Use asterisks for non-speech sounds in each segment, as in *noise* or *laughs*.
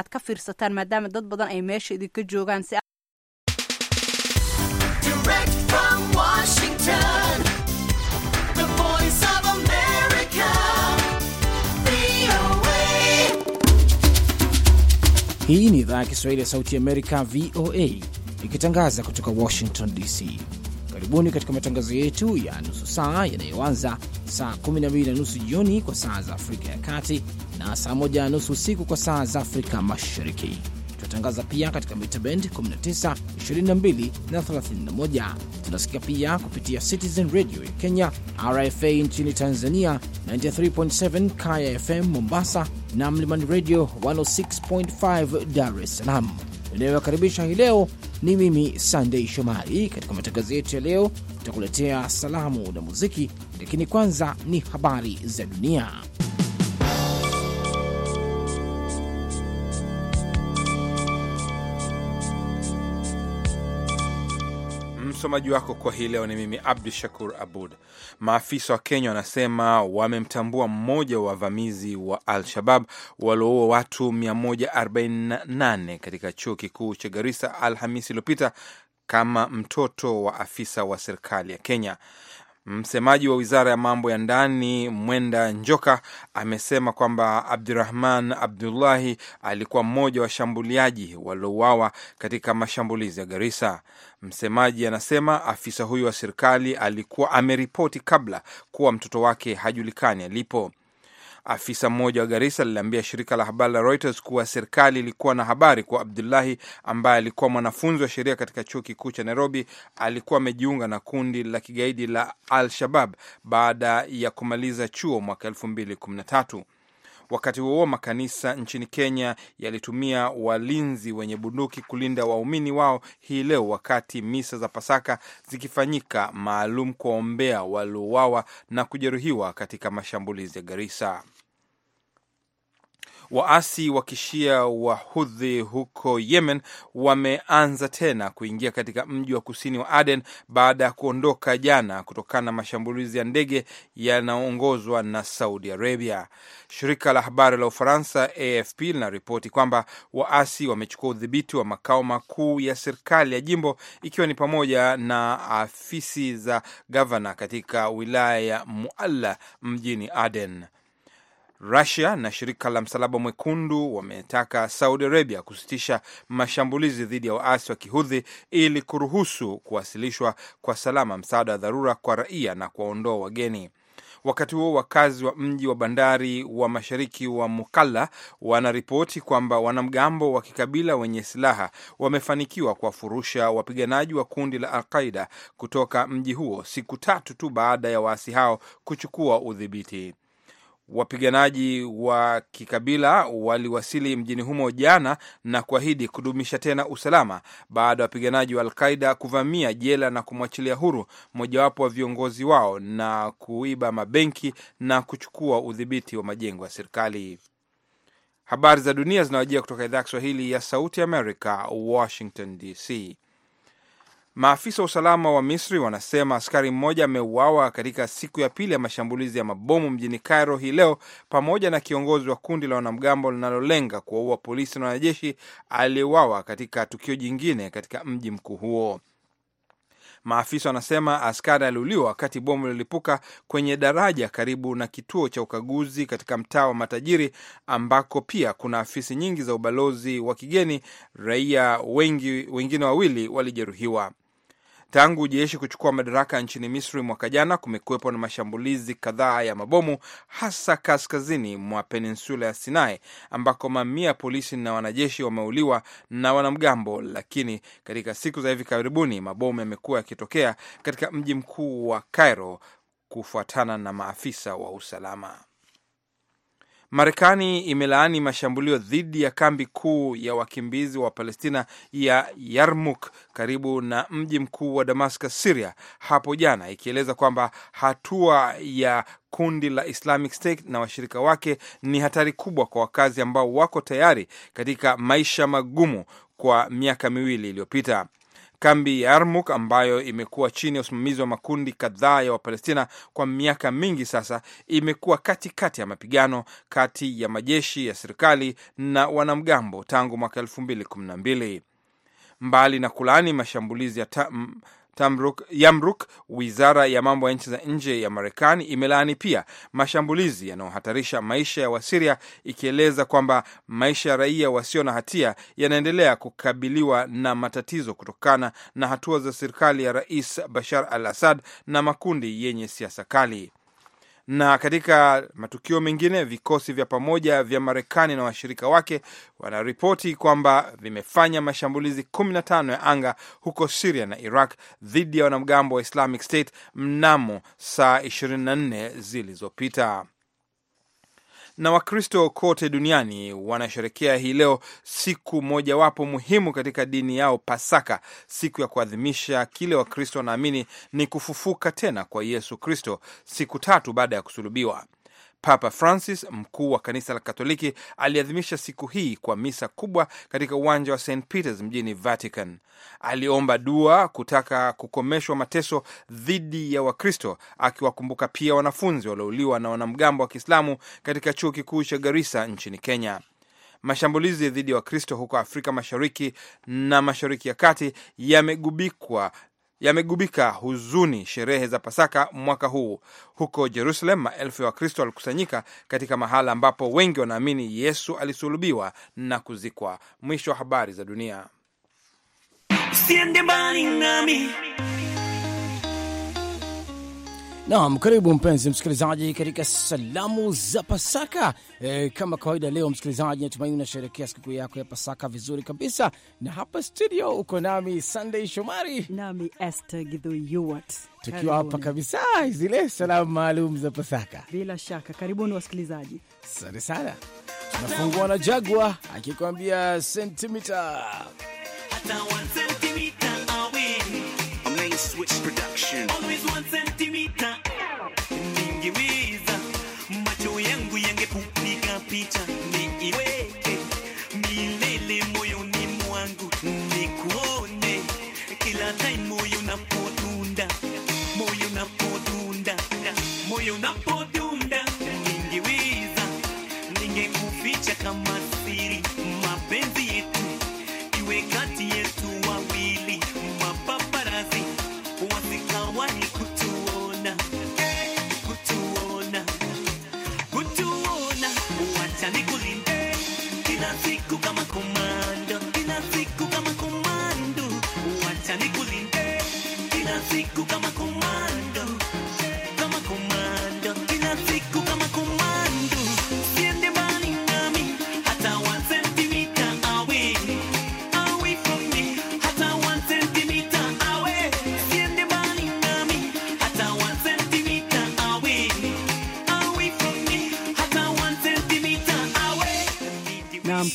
aad ka fiirsataan maadaama dad badan ay meesha idinka joogaan si Hii ni idhaa ya Kiswahili ya Sauti Amerika, VOA, ikitangaza kutoka Washington DC. Karibuni katika matangazo yetu ya nusu saa yanayoanza saa 12 na nusu jioni kwa saa za Afrika ya Kati na saa 1 na nusu usiku kwa saa za Afrika Mashariki. Tunatangaza pia katika mita bend 19, 22 na 31. Tunasikia pia kupitia Citizen Radio ya Kenya, RFA nchini Tanzania 93.7, Kaya FM Mombasa na Mlimani Radio 106.5 Dar es Salaam inayowakaribisha hii leo. Ni mimi Sandei Shomari. Katika matangazo yetu ya leo, tutakuletea salamu na muziki lakini kwanza ni habari za dunia. Msomaji wako kwa hii leo ni mimi Abdu Shakur Abud. Maafisa wa Kenya wanasema wamemtambua mmoja wa wavamizi wa Al-Shabab walioua watu 148 katika chuo kikuu cha Garissa Alhamisi iliyopita kama mtoto wa afisa wa serikali ya Kenya. Msemaji wa wizara ya mambo ya ndani Mwenda Njoka amesema kwamba Abdurahman Abdullahi alikuwa mmoja wa washambuliaji waliouawa katika mashambulizi ya Garissa. Msemaji anasema afisa huyo wa serikali alikuwa ameripoti kabla kuwa mtoto wake hajulikani alipo. Afisa mmoja wa Garisa aliliambia shirika la habari la Reuters kuwa serikali ilikuwa na habari kuwa Abdullahi ambaye alikuwa mwanafunzi wa sheria katika chuo kikuu cha Nairobi alikuwa amejiunga na kundi la kigaidi la Al Shabab baada ya kumaliza chuo mwaka 2013. Wakati huo makanisa nchini Kenya yalitumia walinzi wenye bunduki kulinda waumini wao hii leo, wakati misa za Pasaka zikifanyika maalum kuwaombea waliouawa na kujeruhiwa katika mashambulizi ya Garissa. Waasi wa kishia wa Hudhi huko Yemen wameanza tena kuingia katika mji wa kusini wa Aden baada ya kuondoka jana kutokana na mashambulizi ya ndege yanayoongozwa na Saudi Arabia. Shirika la habari la Ufaransa AFP linaripoti kwamba waasi wamechukua udhibiti wa makao makuu ya serikali ya jimbo ikiwa ni pamoja na afisi za gavana katika wilaya ya Mualla mjini Aden. Rusia na shirika la Msalaba Mwekundu wametaka Saudi Arabia kusitisha mashambulizi dhidi ya waasi wa Kihudhi ili kuruhusu kuwasilishwa kwa salama msaada wa dharura kwa raia na kuwaondoa wageni. Wakati huo wakazi wa mji wa bandari wa mashariki wa Mukalla wanaripoti kwamba wanamgambo wa kikabila wenye silaha wamefanikiwa kuwafurusha wapiganaji wa kundi la Alqaida kutoka mji huo siku tatu tu baada ya waasi hao kuchukua udhibiti. Wapiganaji wa kikabila waliwasili mjini humo jana na kuahidi kudumisha tena usalama baada ya wapiganaji wa Alqaida kuvamia jela na kumwachilia huru mojawapo wa viongozi wao na kuiba mabenki na kuchukua udhibiti wa majengo ya serikali. Habari za dunia zinawajia kutoka idhaa ya Kiswahili ya Sauti Amerika, Washington DC. Maafisa wa usalama wa Misri wanasema askari mmoja ameuawa katika siku ya pili ya mashambulizi ya mabomu mjini Cairo hii leo, pamoja na kiongozi wa kundi la wanamgambo linalolenga kuwaua polisi na wanajeshi aliyeuawa katika tukio jingine katika mji mkuu huo. Maafisa wanasema askari aliuliwa wakati bomu lilipuka kwenye daraja karibu na kituo cha ukaguzi katika mtaa wa matajiri ambako pia kuna afisi nyingi za ubalozi wa kigeni. Raia wengi wengine wawili walijeruhiwa. Tangu jeshi kuchukua madaraka nchini Misri mwaka jana, kumekuwepo na mashambulizi kadhaa ya mabomu, hasa kaskazini mwa peninsula ya Sinai ambako mamia ya polisi na wanajeshi wameuliwa na wanamgambo. Lakini katika siku za hivi karibuni mabomu yamekuwa yakitokea katika mji mkuu wa Cairo, kufuatana na maafisa wa usalama. Marekani imelaani mashambulio dhidi ya kambi kuu ya wakimbizi wa Palestina ya Yarmuk karibu na mji mkuu wa Damascus, siria hapo jana, ikieleza kwamba hatua ya kundi la Islamic State na washirika wake ni hatari kubwa kwa wakazi ambao wako tayari katika maisha magumu kwa miaka miwili iliyopita. Kambi ya Yarmuk ambayo imekuwa chini ya usimamizi wa makundi kadhaa ya Wapalestina kwa miaka mingi sasa, imekuwa katikati ya mapigano kati ya majeshi ya serikali na wanamgambo tangu mwaka elfu mbili kumi na mbili. Mbali na kulaani mashambulizi ya Tamruk, Yamruk. Wizara ya mambo ya nchi za nje ya Marekani imelaani pia mashambulizi yanayohatarisha maisha ya Wasiria, ikieleza kwamba maisha ya raia wasio na hatia yanaendelea kukabiliwa na matatizo kutokana na hatua za serikali ya Rais Bashar al Assad na makundi yenye siasa kali. Na katika matukio mengine, vikosi vya pamoja vya Marekani na washirika wake wanaripoti kwamba vimefanya mashambulizi 15 ya anga huko Siria na Iraq dhidi ya wanamgambo wa Islamic State mnamo saa 24 zilizopita. Na Wakristo kote duniani wanasherekea hii leo siku mojawapo muhimu katika dini yao, Pasaka, siku ya kuadhimisha kile Wakristo wanaamini ni kufufuka tena kwa Yesu Kristo siku tatu baada ya kusulubiwa. Papa Francis, mkuu wa kanisa la Katoliki, aliadhimisha siku hii kwa misa kubwa katika uwanja wa St Peters mjini Vatican. Aliomba dua kutaka kukomeshwa mateso dhidi ya Wakristo, akiwakumbuka pia wanafunzi waliouliwa na wanamgambo wa Kiislamu katika chuo kikuu cha Garissa nchini Kenya. Mashambulizi dhidi ya Wakristo huko Afrika Mashariki na Mashariki ya Kati yamegubikwa yamegubika huzuni sherehe za Pasaka mwaka huu. Huko Jerusalem, maelfu ya Wakristo walikusanyika katika mahala ambapo wengi wanaamini Yesu alisulubiwa na kuzikwa. Mwisho wa habari za dunia. Usiende mbali nami Naam, karibu mpenzi msikilizaji katika salamu za Pasaka. E, kama kawaida leo msikilizaji, natumaini unasherekea sikukuu yako ya Pasaka vizuri kabisa, na hapa studio uko nami Sunday Shomari nami Esther Githyuat tukiwa hapa kabisa zile salamu maalum za Pasaka. Bila shaka, karibuni wasikilizaji, asante sana. Tunafungua na Jagwa akikwambia sentimita hata give me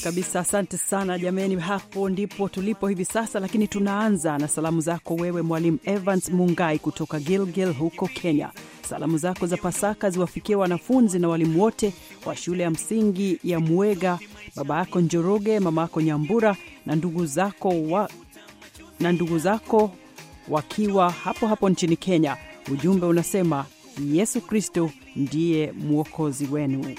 kabisa. Asante sana jameni, hapo ndipo tulipo hivi sasa, lakini tunaanza na salamu zako wewe Mwalimu Evans Mungai kutoka Gilgil huko Kenya. Salamu zako za Pasaka ziwafikia wanafunzi na walimu wote wa shule ya msingi ya Mwega, baba yako Njoroge, mama yako Nyambura na ndugu zako wa... na ndugu zako wakiwa hapo hapo nchini Kenya. Ujumbe unasema Yesu Kristo ndiye mwokozi wenu.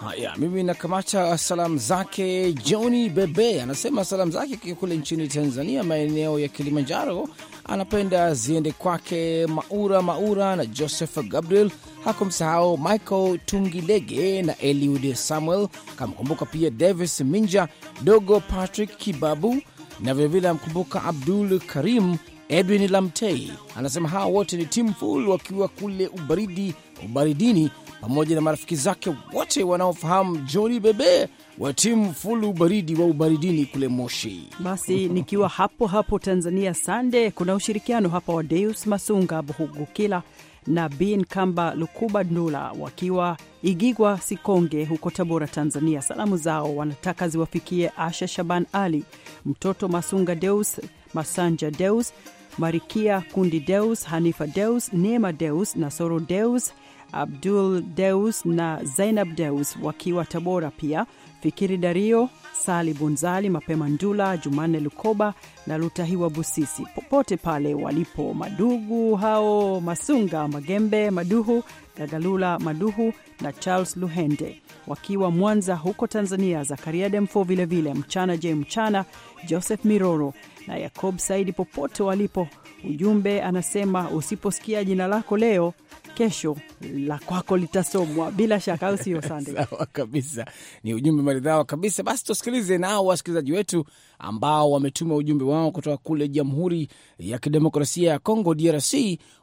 Haya, mimi nakamata salamu zake Joni Bebe, anasema salamu zake kule nchini Tanzania, maeneo ya Kilimanjaro, anapenda ziende kwake Maura Maura na Joseph Gabriel, hakumsahau Michael Tungilege na Eliud Samuel, kamkumbuka pia Davis Minja, Dogo Patrick Kibabu na vilevile amkumbuka Abdul Karim Edwin Lamtei. Anasema hawa wote ni timu full wakiwa kule ubaridi ubaridini pamoja na marafiki zake wote wanaofahamu Joni Bebe wa timu Fulu Baridi wa Ubaridini kule Moshi. Basi nikiwa hapo hapo Tanzania sande, kuna ushirikiano hapa wa Deus Masunga Buhugukila na Bin Kamba Lukuba Ndula wakiwa Igigwa Sikonge huko Tabora, Tanzania. Salamu zao wanataka ziwafikie Asha Shaban Ali, mtoto Masunga Deus, Masanja Deus, Marikia Kundi Deus, Hanifa Deus, Neema Deus, Nasoro Deus Abdul Deus na Zainab Deus wakiwa Tabora pia, Fikiri Dario, Sali Bunzali, Mapema Ndula, Jumane Lukoba na Lutahiwa Busisi, popote pale walipo madugu hao, Masunga Magembe, Maduhu Gagalula Maduhu na Charles Luhende wakiwa Mwanza huko Tanzania, Zakaria Demfo vilevile, Mchana J Mchana, Joseph Miroro na Yakob Saidi popote walipo. Ujumbe anasema usiposikia jina lako leo kesho la kwako litasomwa bila shaka, au sio? Sande, *laughs* sawa kabisa, ni ujumbe maridhawa kabisa. Basi tusikilize nao wasikilizaji wetu ambao wametuma ujumbe wao kutoka kule Jamhuri ya Kidemokrasia ya Kongo, DRC.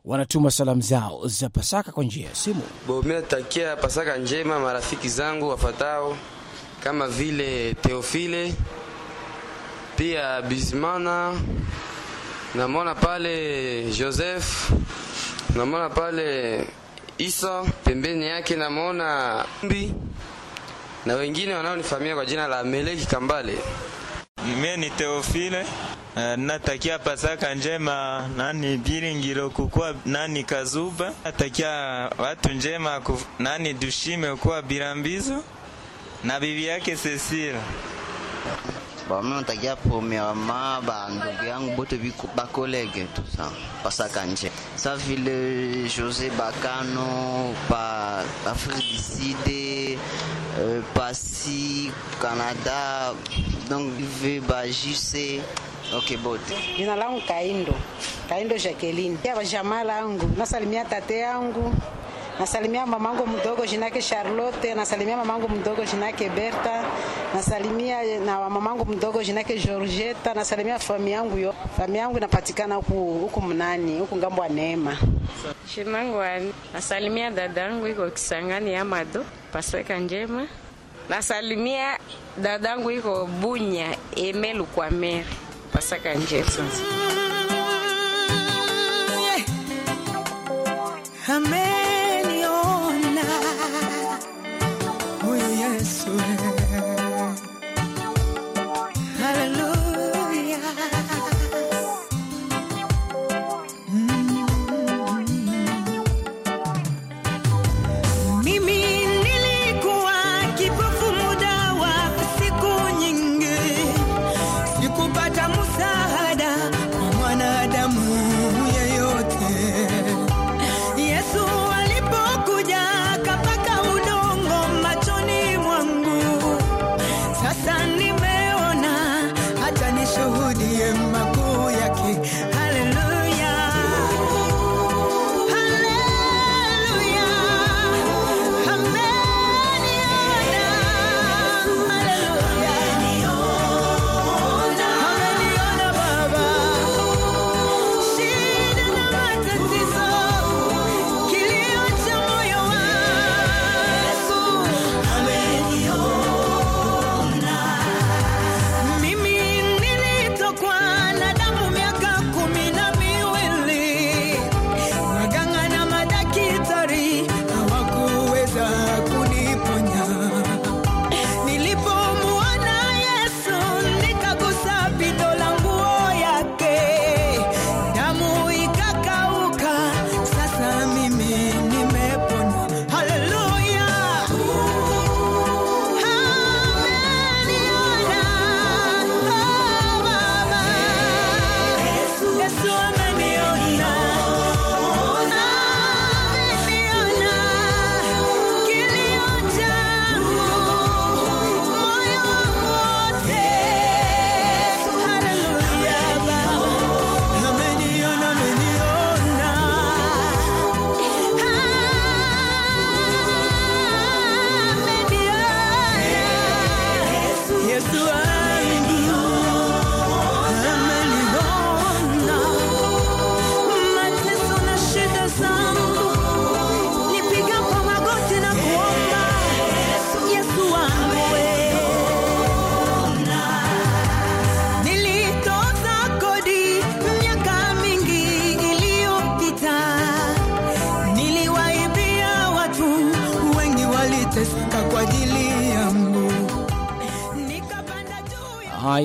Wanatuma salamu zao za Pasaka kwa njia ya simu. Bomea takia Pasaka njema marafiki zangu wafatao kama vile Teofile pia Bismana namona pale Joseph namona pale Isa pembeni yake namona mbi na wengine wanaonifamia kwa jina la Meleki Kambale. Mie ni Teofile. Eh, natakia Pasaka njema nani Biringiro kukua nani Kazuba, natakia watu njema kuf, nani Dushime kuwa Birambizo na bibi yake Cecile. Bon, moi, on t'a dit premièrement, bah, nous bah, collègues, tout ça, pas ça quand j'ai. Ça, ville José Bacano, pas Afrique du Sud, euh, Passy, Canada, donc, je bah, JC, ok, bon. Jina langu Kaindo, Kaindo Jacqueline. Ya, jamala langu, nasalimia tate yangu. Nasalimia mamangu mdogo jinake Charlotte, nasalimia mamangu mdogo jinake Berta, nasalimia na mamangu mdogo jinake Georgetta, nasalimia fami yangu yo. Fami yangu inapatikana huku huku mnani, huku ngambo ya Neema. Shinangu ani, nasalimia dadangu iko Kisangani ya Mado, Pasweka njema. Nasalimia dadangu iko Bunya, Emelu kwa Meri. Pasweka njema. Amen. first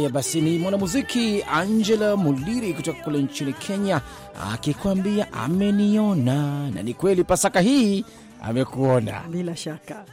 haya basi, ni mwanamuziki Angela Muliri kutoka kule nchini Kenya akikwambia ameniona, na ni kweli Pasaka hii amekuona bila shaka.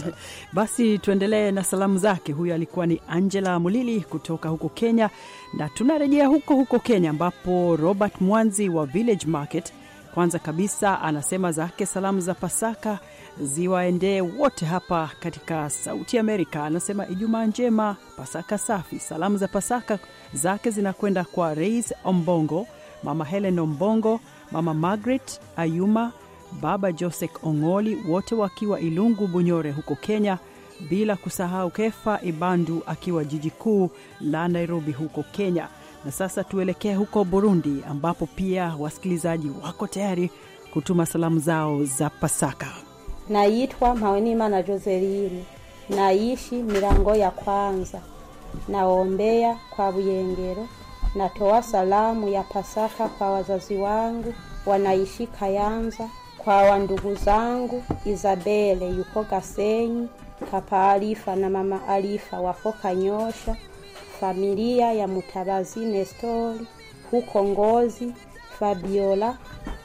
*laughs* Basi tuendelee na salamu zake. Huyo alikuwa ni Angela Mulili kutoka huko Kenya, na tunarejea huko huko Kenya ambapo Robert Mwanzi wa Village Market kwanza kabisa anasema zake salamu za Pasaka ziwaendee wote hapa katika Sauti Amerika. Anasema Ijumaa njema, Pasaka safi. Salamu za Pasaka zake zinakwenda kwa Reis Ombongo, Mama Helen Ombongo, Mama Margaret Ayuma, Baba Josek Ong'oli, wote wakiwa Ilungu Bunyore huko Kenya, bila kusahau Kefa Ibandu akiwa jiji kuu la Nairobi huko Kenya. Na sasa tuelekee huko Burundi, ambapo pia wasikilizaji wako tayari kutuma salamu zao za Pasaka. Naitwa Mawenimana Joseline, naishi milango ya kwanza, naombea kwa Buyengero. Natoa salamu ya Pasaka kwa wazazi wangu wanaishi Kayanza, kwa wandugu zangu Izabele yuko Gasenyi, Papa Alifa na Mama Alifa wako Kanyosha, familia ya Mutabazi Nestori huko Ngozi, Fabiola,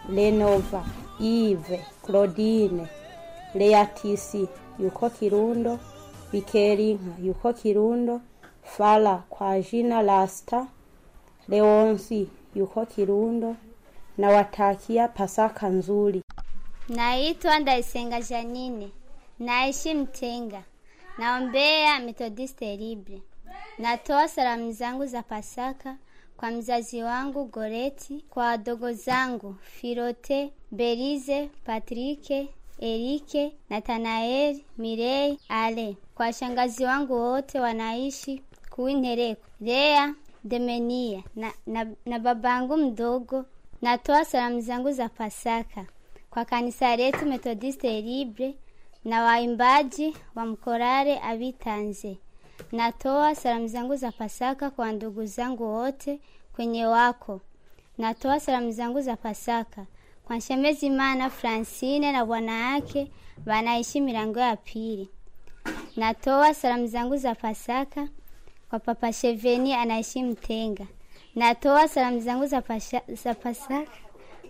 Lenova, Ive, Claudine Leatisi yuko Kirundo, Bikerinka yuko Kirundo, Fala kwa jina Lasta, Leonsi yuko Kirundo na watakia Pasaka nzuri. Naitwa Ndaisenga Janine, naishi Mtenga, naombea Methodiste Libre. Natoa salamu zangu za Pasaka kwa mzazi wangu Goreti, kwa wadogo zangu Filote, Belize, Patrike Erike, Nathanael, Mirei, Ale, kwa shangazi wangu wote wanaishi kuinereko. Lea, Demenia na, na, na babangu mdogo. Natoa salamu zangu za Pasaka kwa kanisa letu Methodiste Libre na waimbaji wa mkorare abitanze. Natoa salamu zangu za Pasaka kwa ndugu zangu wote kwenye wako. Natoa salamu zangu za Pasaka shemezi Imana Francine na bwana yake wanaishi milango ya pili. Natoa salamu zangu za Pasaka kwa Papa Sheveni anaishi Mtenga. Natoa salamu zangu za, za Pasaka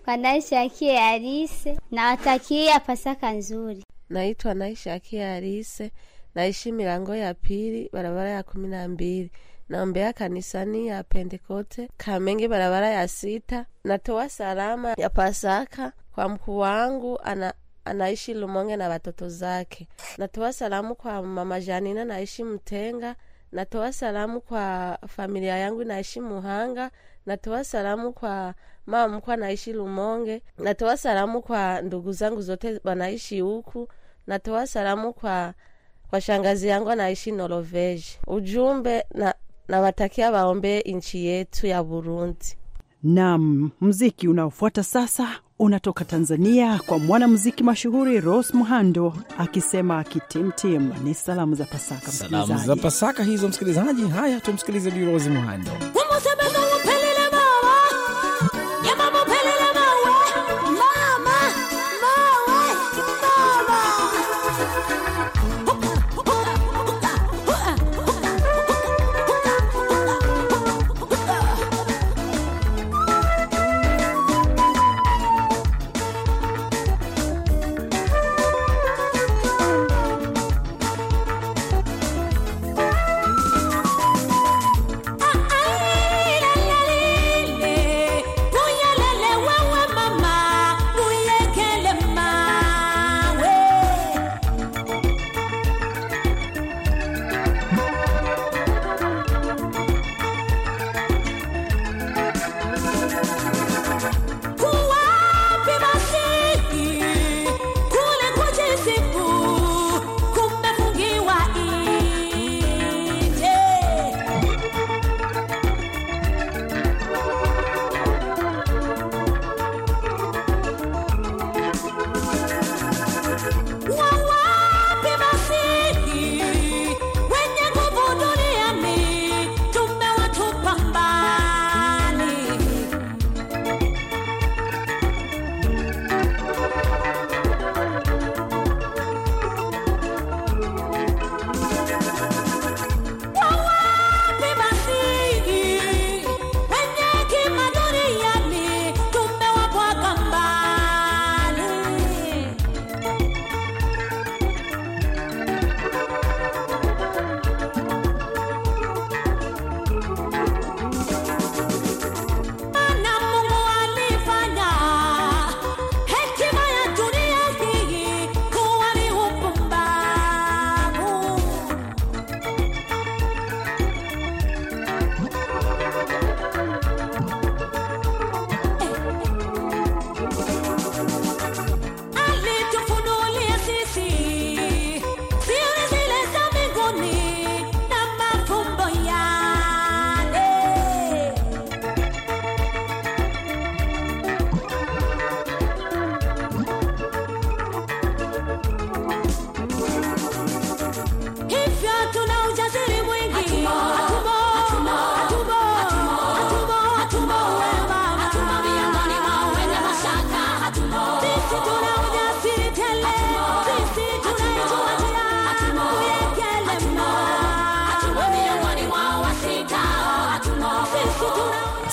kwa Naisha Akie Arise na watakia Pasaka nzuri. Naitwa Naisha Akie Arise, naishi milango ya pili, barabara ya kumi na mbili na Mbeya kanisani ya Pentekote Kamenge, barabara ya sita. Natoa salama ya Pasaka kwa mkuu wangu ana anaishi Lumonge na watoto zake. Natoa salamu kwa mama Janina naishi Mtenga. Natoa salamu kwa familia yangu naishi Muhanga. Natoa salamu kwa mama mkwa naishi Lumonge. Natoa salamu kwa ndugu zangu zote wanaishi huku. Natoa salamu kwa kwa shangazi yangu anaishi Noroveji. Ujumbe na nawatakia waombe nchi yetu ya Burundi. nam mziki unaofuata sasa unatoka Tanzania kwa mwanamziki mashuhuri ros Muhando akisema kitimtim. Ni salamu za Pasaka, za Pasaka hizo msikilizaji. Haya, tumsikilize Bi muhando Muhando.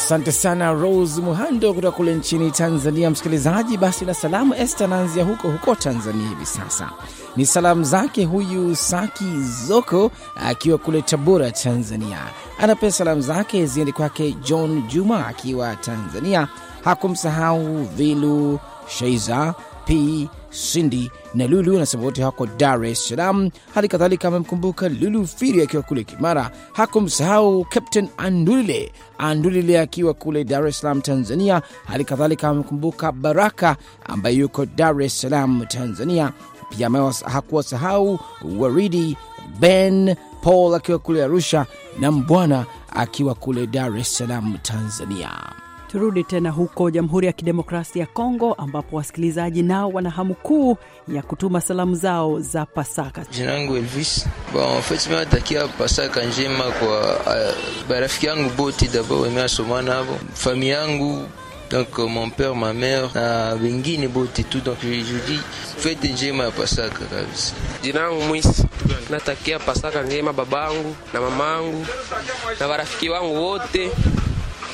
Asante sana Rose Muhando kutoka kule nchini Tanzania. Msikilizaji, basi na salamu Este naanzia huko huko Tanzania hivi sasa. Ni salamu zake huyu Saki Zoko akiwa kule Tabora, Tanzania. Anapea salamu zake ziende kwake John Juma akiwa Tanzania, hakumsahau Vilu Sheiza P Sindi na Lulu anasema wote hako Dar es Salaam. Hali kadhalika amemkumbuka Lulu Firi akiwa kule Kimara, hakumsahau Captain Andulile Andulile akiwa kule Dar es Salaam, Tanzania. Hali kadhalika amemkumbuka Baraka ambaye yuko Dar es Salaam, Tanzania. Pia hakuwasahau Waridi Ben Paul akiwa kule Arusha na Mbwana akiwa kule Dar es Salaam, Tanzania. Turudi tena huko Jamhuri ya Kidemokrasia ya Kongo, ambapo wasikilizaji nao wana hamu kuu ya kutuma salamu zao za Pasaka. Jina yangu Elvis Bafeti, Pasaka njema kwa uh, barafiki yangu boti dabo wemeasomana hapo fami yangu donc euh, mon père ma mère na wengine bote tu donc jeudi fete njema ya Pasaka kabisa. Jina yangu Mwisi, natakia Pasaka njema babangu na mamangu na warafiki wangu wote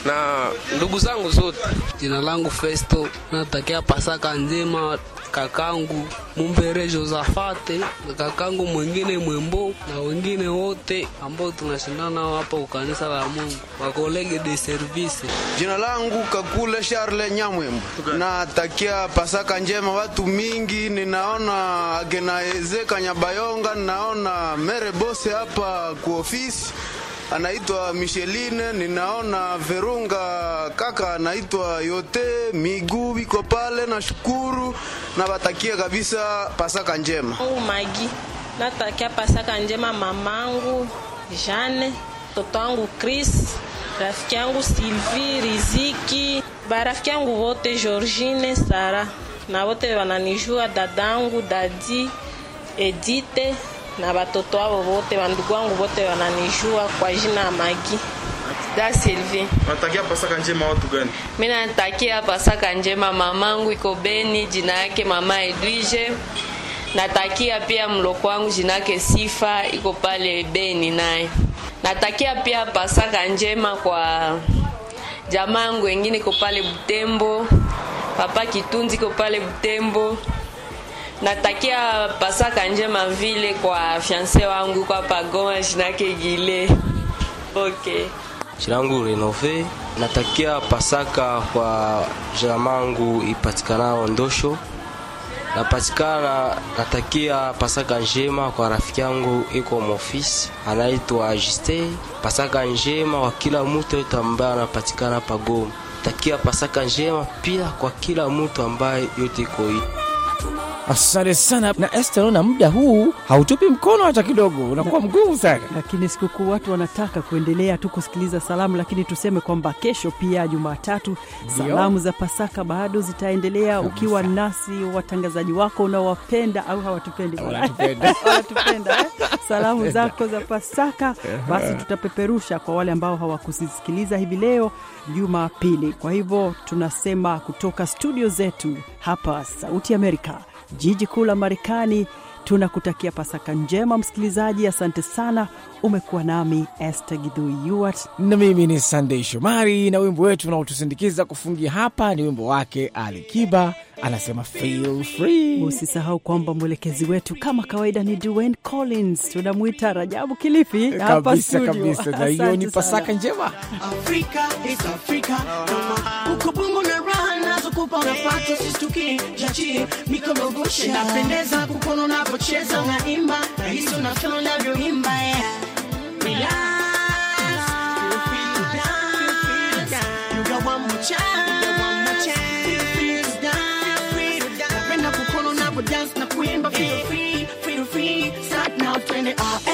na ndugu zangu zote. Jina langu Festo, natakia Pasaka njema kakangu Mumbere Josafate na kakangu mwingine Mwembo na wengine wote ambao tunashindana hapa ukanisa la Mungu, wakolege de service. Jina langu Kakule Charles Nyamwembo, okay. Natakia Pasaka njema watu mingi, ninaona agenaezeka Nyabayonga, ninaona mere bose hapa kuofisi anaitwa Micheline, ninaona Verunga kaka anaitwa Yote, miguu biko pale. Nashukuru na batakia kabisa Pasaka njema. Oh, Magi, natakia Pasaka njema mamangu Jane, mtoto wangu Chris, rafiki yangu Sylvie, Riziki, barafiki yangu wote Georgine, Sara na wote wananijua, dadangu Dadi, Edite na batoto wao wote, bandugu wangu wote wananijua kwa jina ya Magi da Sylvie. Natakia Pasaka njema watu gani? Mimi natakia Pasaka njema mamangu iko Beni, jina yake mama Edwige. Natakia pia mloko wangu jina yake Sifa iko pale Beni naye. Natakia pia Pasaka njema kwa jamaa yangu wengine iko pale Butembo. Papa Kitunzi iko pale Butembo. Natakia Pasaka njema vile kwa fiance wangu kwa pagoma jinake gile. Okay. Renove, natakia Pasaka kwa jina mangu ipatikanao Ndosho. Napatikana, natakia Pasaka njema kwa rafiki yangu iko mofisi anaitwa Juste. Pasaka njema kwa kila mtu yote ambaye anapatikana pagoma. Natakia Pasaka njema pia kwa kila mtu ambaye yote iko hii Asante sana na Esther, naona muda huu hautupi mkono hata kidogo, unakuwa mgumu sana. Lakini sikukuu watu wanataka kuendelea tu kusikiliza salamu, lakini tuseme kwamba kesho pia Jumatatu salamu za Pasaka bado zitaendelea ukiwa nasi, watangazaji wako unaowapenda au hawatupendi, hawatupenda *laughs* eh? salamu zako za Pasaka basi tutapeperusha kwa wale ambao hawakusisikiliza hivi leo Jumapili. Kwa hivyo tunasema kutoka studio zetu hapa Sauti Amerika jiji kuu la Marekani. Tunakutakia Pasaka njema msikilizaji, asante sana. Umekuwa nami Esther Gidhui Yuart, na mimi ni Sandei Shomari, na wimbo wetu unaotusindikiza kufungia hapa ni wimbo wake Alikiba anasema feel free. Usisahau kwamba mwelekezi wetu kama kawaida ni Dwayne Collins, tunamwita Rajabu Kilifi hapa studio kabisa, na hiyo ni Pasaka njema Afrika, nakupa unafata, usistukie jaji, mikorogoshe napendeza kukono unapocheza unaimba nahisi unafeel unavyoimba yeah. Relax, feel free to dance, you got one more chance. Feel free to dance, napenda kukono unapo dance na kuimba, feel free, feel free, start now, twende up.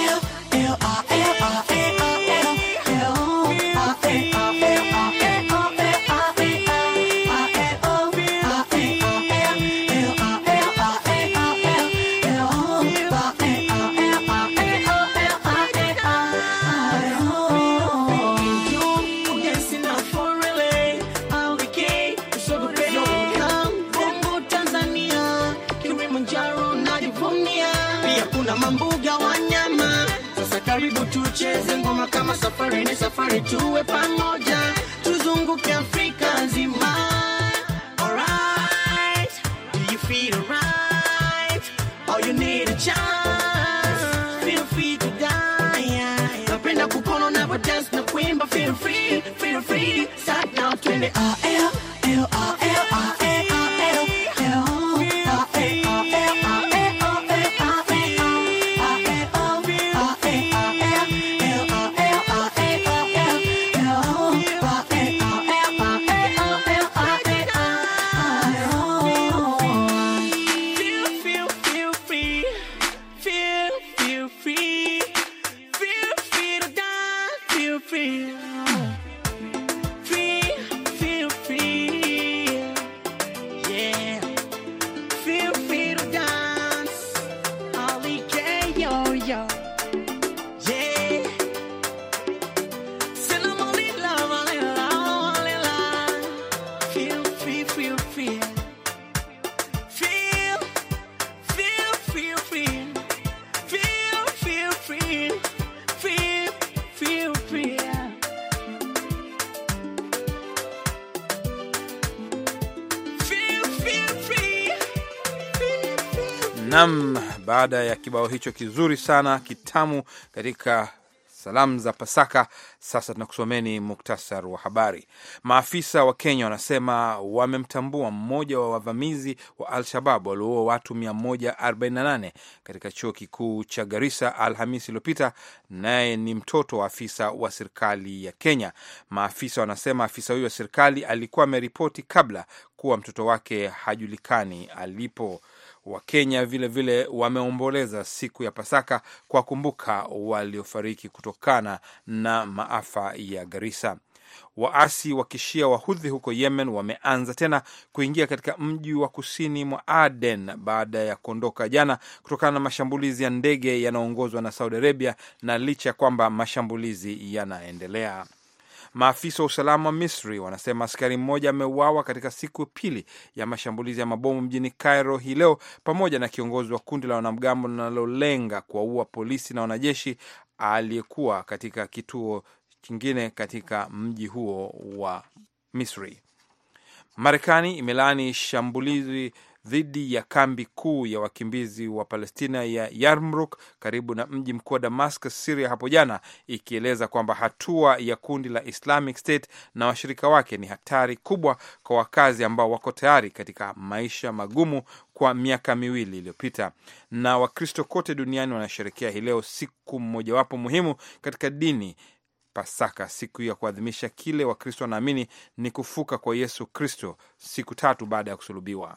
baada ya kibao hicho kizuri sana kitamu katika salamu za Pasaka. Sasa tunakusomeni muktasar wa habari. Maafisa wa Kenya wanasema wamemtambua mmoja wa wavamizi wa Al-Shabab walioua watu 148 katika chuo kikuu cha Garissa Alhamisi iliyopita, naye ni mtoto wa afisa wa serikali ya Kenya. Maafisa wanasema afisa huyo wa serikali alikuwa ameripoti kabla kuwa mtoto wake hajulikani alipo. Wakenya vilevile wameomboleza siku ya Pasaka kuwakumbuka waliofariki kutokana na maafa ya Garissa. Waasi wa kishia wahudhi huko Yemen wameanza tena kuingia katika mji wa kusini mwa Aden baada ya kuondoka jana kutokana na mashambulizi ya ndege yanayoongozwa na Saudi Arabia, na licha ya kwamba mashambulizi yanaendelea. Maafisa wa usalama wa Misri wanasema askari mmoja ameuawa katika siku pili ya mashambulizi ya mabomu mjini Cairo hii leo, pamoja na kiongozi wa kundi la wanamgambo linalolenga kuwaua polisi na wanajeshi aliyekuwa katika kituo kingine katika mji huo wa Misri. Marekani imelaani shambulizi dhidi ya kambi kuu ya wakimbizi wa Palestina ya Yarmuk karibu na mji mkuu wa Damascus, Siria hapo jana, ikieleza kwamba hatua ya kundi la Islamic State na washirika wake ni hatari kubwa kwa wakazi ambao wako tayari katika maisha magumu kwa miaka miwili iliyopita. Na Wakristo kote duniani wanasherekea hii leo siku mmojawapo muhimu katika dini Pasaka, siku ya kuadhimisha kile Wakristo wanaamini ni kufuka kwa Yesu Kristo siku tatu baada ya kusulubiwa.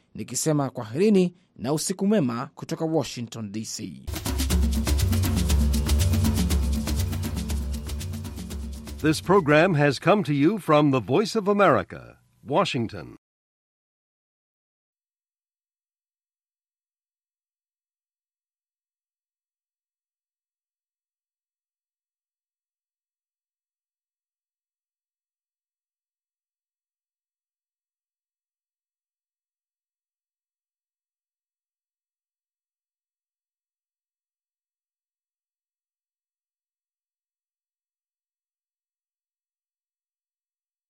nikisema kwaherini na usiku mwema kutoka Washington DC. This program has come to you from the Voice of America, Washington.